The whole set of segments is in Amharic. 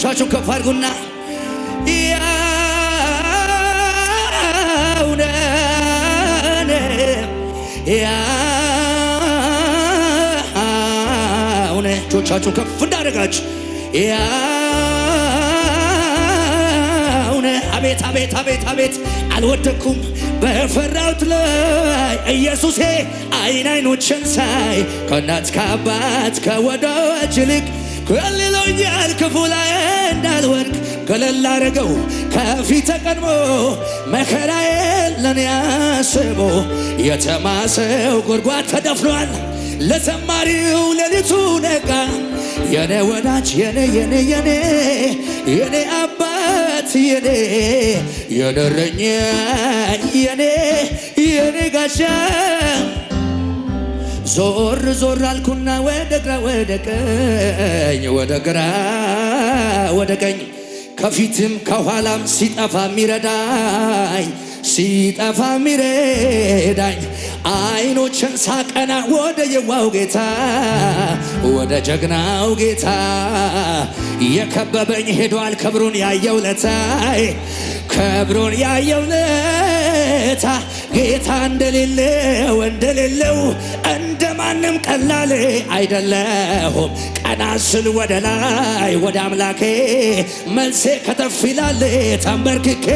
እጆቻችሁን ከፍ አድርጉና ያውነ እጆቻችሁን ከፍ እንዳደረጋችሁ ያውነ አቤት አቤት አቤት አቤት አልወደኩም በፈራሁት ላይ ኢየሱሴ አይን አይኖችን ሳይ ከእናት ከአባት ከወዳጅ ይልቅ ወልሎኛል ክፉ ላይ እንዳልወድቅ ገለል አረገው ከፊት ቀድሞ መከራዬን ለኔ አስቦ የተማሰው ጉድጓድ ተደፍኗል። ለዘማሪው ሌሊቱ ነጋ። የኔ ወዳጅ የኔ የኔ የኔ የኔ አባት የኔ የኔ የኔ የኔ ጋሻ ዞር ዞር አልኩና ወደ ግራ ወደ ቀኝ ወደ ግራ ወደ ቀኝ ከፊትም ከኋላም ሲጠፋ ሚረዳኝ ሲጠፋ ሚረዳኝ አይኖችን ሳቀና ወደ የዋው ጌታ ወደ ጀግናው ጌታ የከበበኝ ሄዷል ክብሩን ያየው ለታይ ክብሩን ያየው ጌታ ጌታ እንደሌለው እንደሌለው እንደማንም ቀላል አይደለሁም። ቀና ስል ወደ ላይ ወደ አምላኬ መልሴ ከተፍ ይላል ተንበርክኬ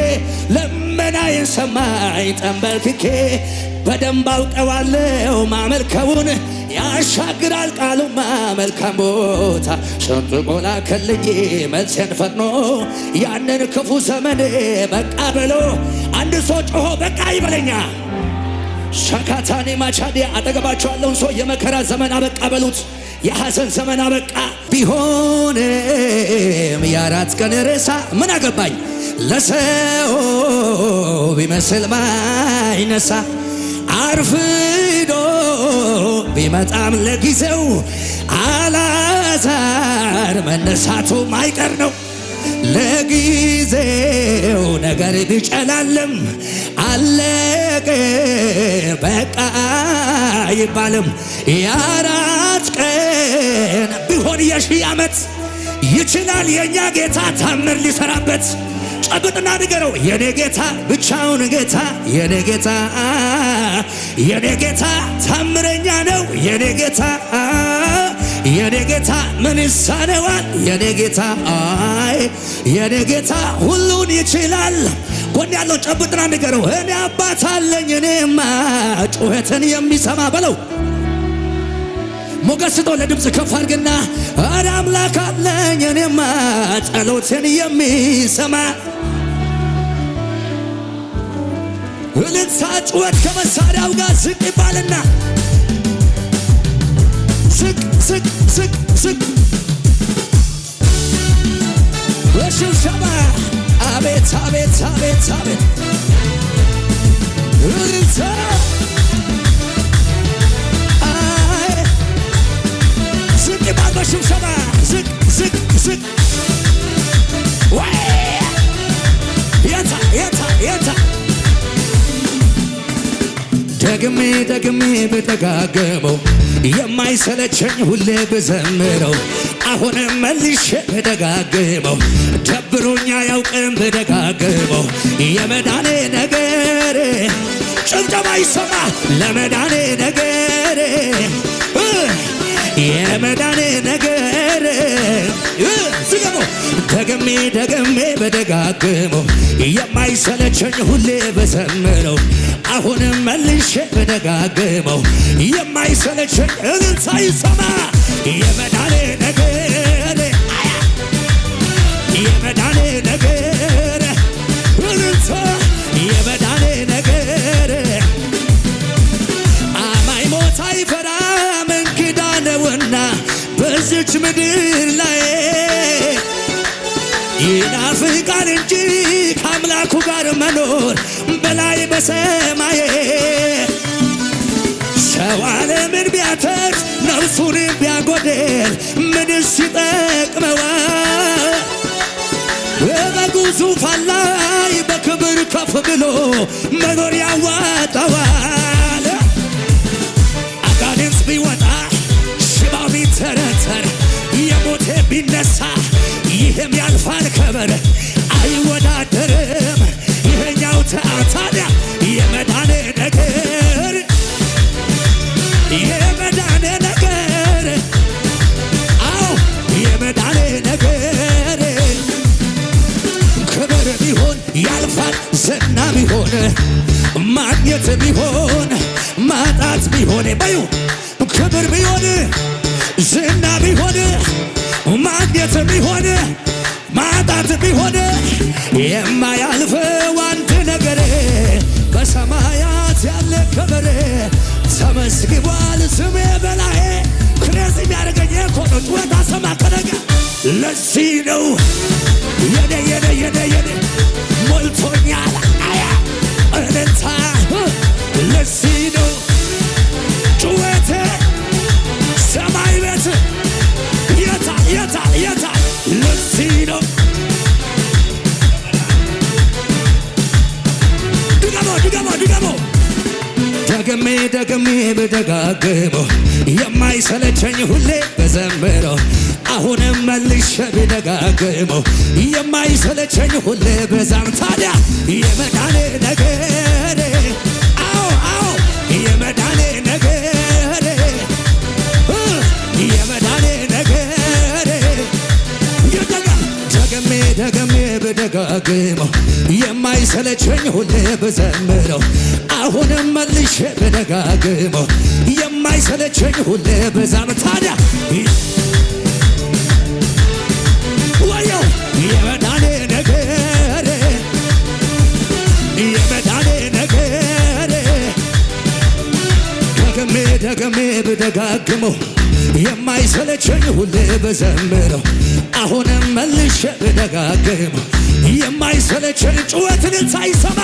ልመናዬን ሰማኝ ተንበርክኬ በደንብ አውቀዋለው ማመልከውን ያሻግራል ቃሉ መልካም ቦታ ሰንጥቆ ላከልኝ መልሴን ፈጥኖ ያንን ክፉ ዘመን በቃ ብሎ አንድ ሰው ጮሆ በቃ ይበለኛ ሸካታኔ አጠገባቸው አጠገባቸዋለውን ሰው የመከራ ዘመን አበቃ በሉት። የሐዘን ዘመን አበቃ። ቢሆንም የአራት ቀን ሬሳ ምን አገባኝ ለሰው ቢመስል ማይነሳ አርፍዶ ቢመጣም ለጊዜው አላዛር መነሳቱ ማይቀር ነው። ለጊዜው ነገር ቢጨላልም! አለቀ በቃ ይባልም! የአራት ቀን ቢሆን የሺህ ዓመት ይችላል የእኛ ጌታ ታምር ሊሰራበት። ጨብጥና ንገረው የኔ ጌታ ብቻውን ጌታ የኔ ጌታ የኔ ጌታ ታምረኛ ነው የኔ ጌታ የኔ ጌታ ምን ይሳነዋል? የኔ ጌታ አይ የኔ ጌታ ሁሉን ይችላል። ጎን ያለው ጨብጥና ንገረው፣ እኔ አባት አለኝ እኔማ ጩኸትን የሚሰማ በለው። ሞገስ ስጠው ለድምፅ ከፍ አድርግና፣ እኔ አምላክ አለኝ እኔማ ጸሎትን የሚሰማ እልልታ ጩኸት ከመሳሪያው ጋር ዝቅ ይባልና Szyk, syk, syk, syk. በሽብሸባ አቤት አቤት አቤት አቤት እልልታ ዝቅ ይባል በሽብሸባ ዝቅ ዝቅ ዝቅ ደግሜ ደግሜ ብደጋገመው የማይሰለቸኝ ሁሌ ብዘምረው አሁንም መልሼ ብደጋገመው ደብሮኛ ያውቅም ብደጋገመው የመዳኔ ነገር ጭብጨባ ይሰማ ለመዳኔ ነገር የመዳኔ ነገር ዝገሞ ደግሜ ደግሜ በደጋግሞ የማይሰለቸኝ ሁሌ በዘምረው አሁንም መልሼ በደጋግመው የማይሰለቸኝ እግን ሳይሰማ የመዳኔ ነገር የመዳኔ ነገር በዚች ምድር ላይ ይናፍቃል እንጂ ከአምላኩ ጋር መኖር በላይ በሰማይ ሰው ዓለምን ቢያተርፍ ነፍሱን ቢያጎድል ምንስ ይጠቅመዋል? በበጉ ዙፋን ላይ በክብር ከፍ ብሎ መኖር ያዋጣዋል። ቢነሳ ይህም ያልፋል ከበር አይወዳደርም። ይህኛው ታዲያ የመዳን ነገር የመዳን ነገር አዎ የመዳን ነገር ክብር ቢሆን ያልፋል ዝና ቢሆን ማግኘት ቢሆን ማጣት ቢሆን በዩ ክብር ቢሆን ዝና ማግኘት ቢሆን ማጣት ቢሆን የማያልፈው አንድ ነገር በሰማያት ያለ ከበረ ተመስግቧል ስሜ በላዬ ክሬዝ የሚያደርገኝ ኮኖች ወታ ሰማ ከነገ ለዚህ ነው ብደጋግመው የማይሰለቸኝ ሁሌ በዘምረው አሁንም መልሼ ብደጋግመው የማይሰለቸኝ ሁሌ በዛም ታዲያ የመዳኔ ነገር አዎ አዎ የመዳኔ ነገር የመዳኔ ነገር ደግሜ ደግሜ ብደጋግመው የማይሰለቸኝ ሁሌ በዘምረው ደጋግሞ የማይሰለቸኝ ሁሌ በዛም ታዲያ ወየው የመዳኔ ነገር የመዳኔ ነገር ደግሜ ደግሜ ብደጋግመው የማይሰለቸኝ ሁሌ በዘምረው አሁንም መልሼ ብደጋግመው የማይሰለቸኝ ጩኸትን ሳይሰማ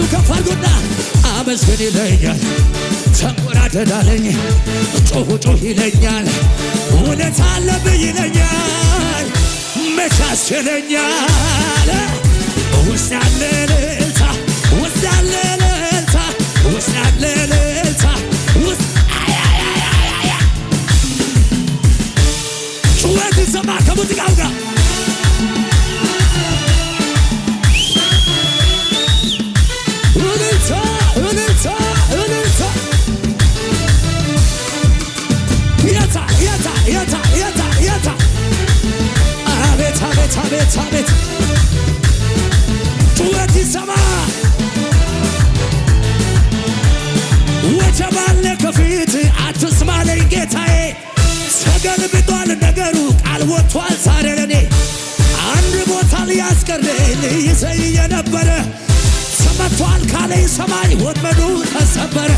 ሁለቱ ከፍ አድርጉና አመስግን ይለኛል። ተንቆራደዳለኝ ጮሁ ጮህ ይለኛል። እውነት አለብህ ይለኛል። መቻስ ውስጥ ያለ ልልታ ውስጥ ያለ ልልታ ውስጥ ያለ ልልታ ውስጥ ጩኸት ይሰማ ከሙዚቃው ጋር ከፊት አትስማለኝ ጌታዬ ተገልብጧል ነገሩ ቃል ወጥቷል ዛሬ ለኔ አንድ ቦታ ሊያስቀረኝ ይዘይ የነበረ ተመቷል ካለኝ ሰማይ ወጥመዱ ተሰበረ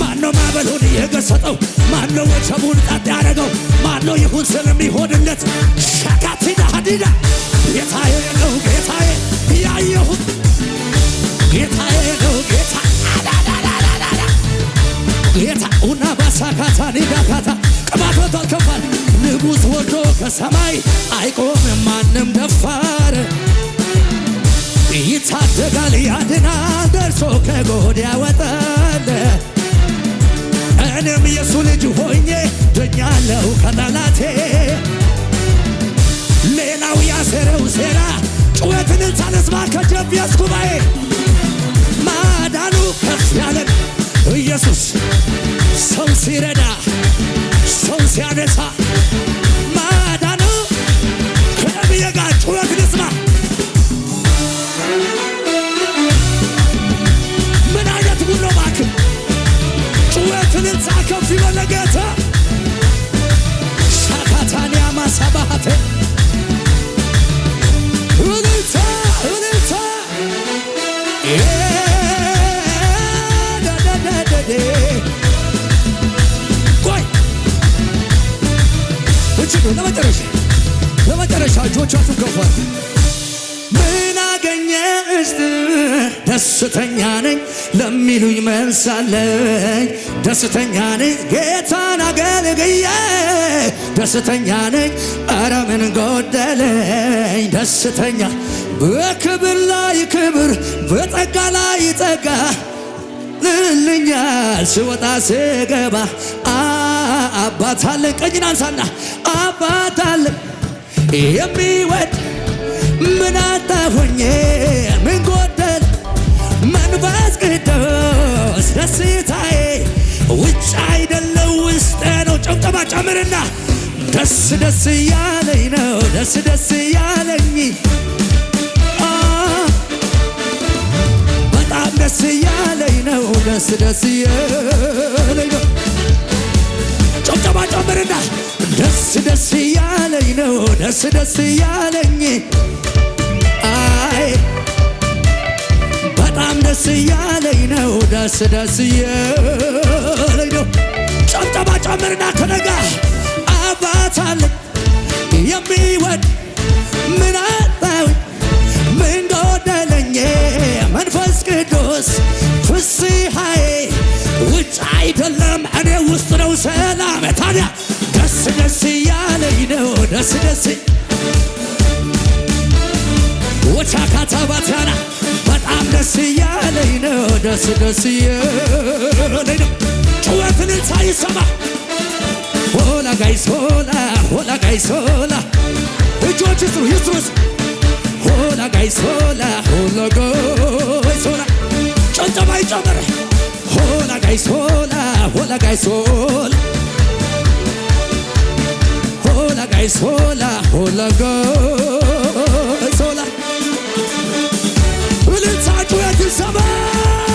ማነው ማዕበሉን የገሰጠው ማነው ወጀቡን ጠጥ ያደረገው ማነው ይሁን ስለሚሆንለት ሆድ ያወጣል። እኔም የሱ ልጅ ሆኜ ድኛለው ከጠላቴ። ሌላው ያሰረው ሴራ ጩኸትን ሳልሰማ ከጀቢያስ ጉባኤ ማዳኑ ከፍ ያለ ኢየሱስ ሰው ሲረዳ ሰው ሲያነሳ ደስተኛ ነኝ ለሚሉኝ መንሳለኝ ደስተኛ ነኝ ጌታን አገልግዬ ደስተኛ ነኝ ምን ጎደለኝ ደስተኛ በክብር ላይ ክብር በጠጋ ላይ ጠጋ ልልኛል ስወጣ ስገባ አባታለን ቀኝን አንሳና አባታለን የሚወድ ምን አጣሁኝ ምን ጎደል መንፈስ ቅዱስ ደስታዬ ውጭ አይደለው ውስጥ ነው። ጨብጨባ ጨምርና ደስ ደስ እያለኝ ነው ደስ ደስ እያለኝ በጣም ደስ እያለኝ ነው ደስ ደስ እያለኝ ነው። ጨብጨባ ጨምርና ደስ ደስ እያለኝ ነው ደስ ደስ እያለኝ አይ በጣም ደስ እያለኝ ነው ደስ ደስ እያለኝ ነው። ጨብጨባ ጨምርና ከነጋ አባት አለኝ የሚወድ ምን አጣው ምን ጎደለኝ መንፈስ ቅዱስ ፍስሐዬ ውጭ አይደለም እኔ ውስጥ ነው ሰላም ታዲያ ደስ ደስ ወቻ ካታባታና በጣም ደስ እያለኝ ነው ደስ ደስ እያለኝ ነው። ጩኸትን ሳይሰማ ሆላ ጋይስ ሆላ ሆላ ጋይስ ሆላ እጆች ይስሩ ይስሩ ሆላ ጋይስ ሆላ ሆላ ጋይስ ሆላ ጨብጨባ ይጨምር ሆላ ጋይስ ሆላ ሆላ ጋይስ ሆላ Hai sola, hola go sola. Will it start with the summer?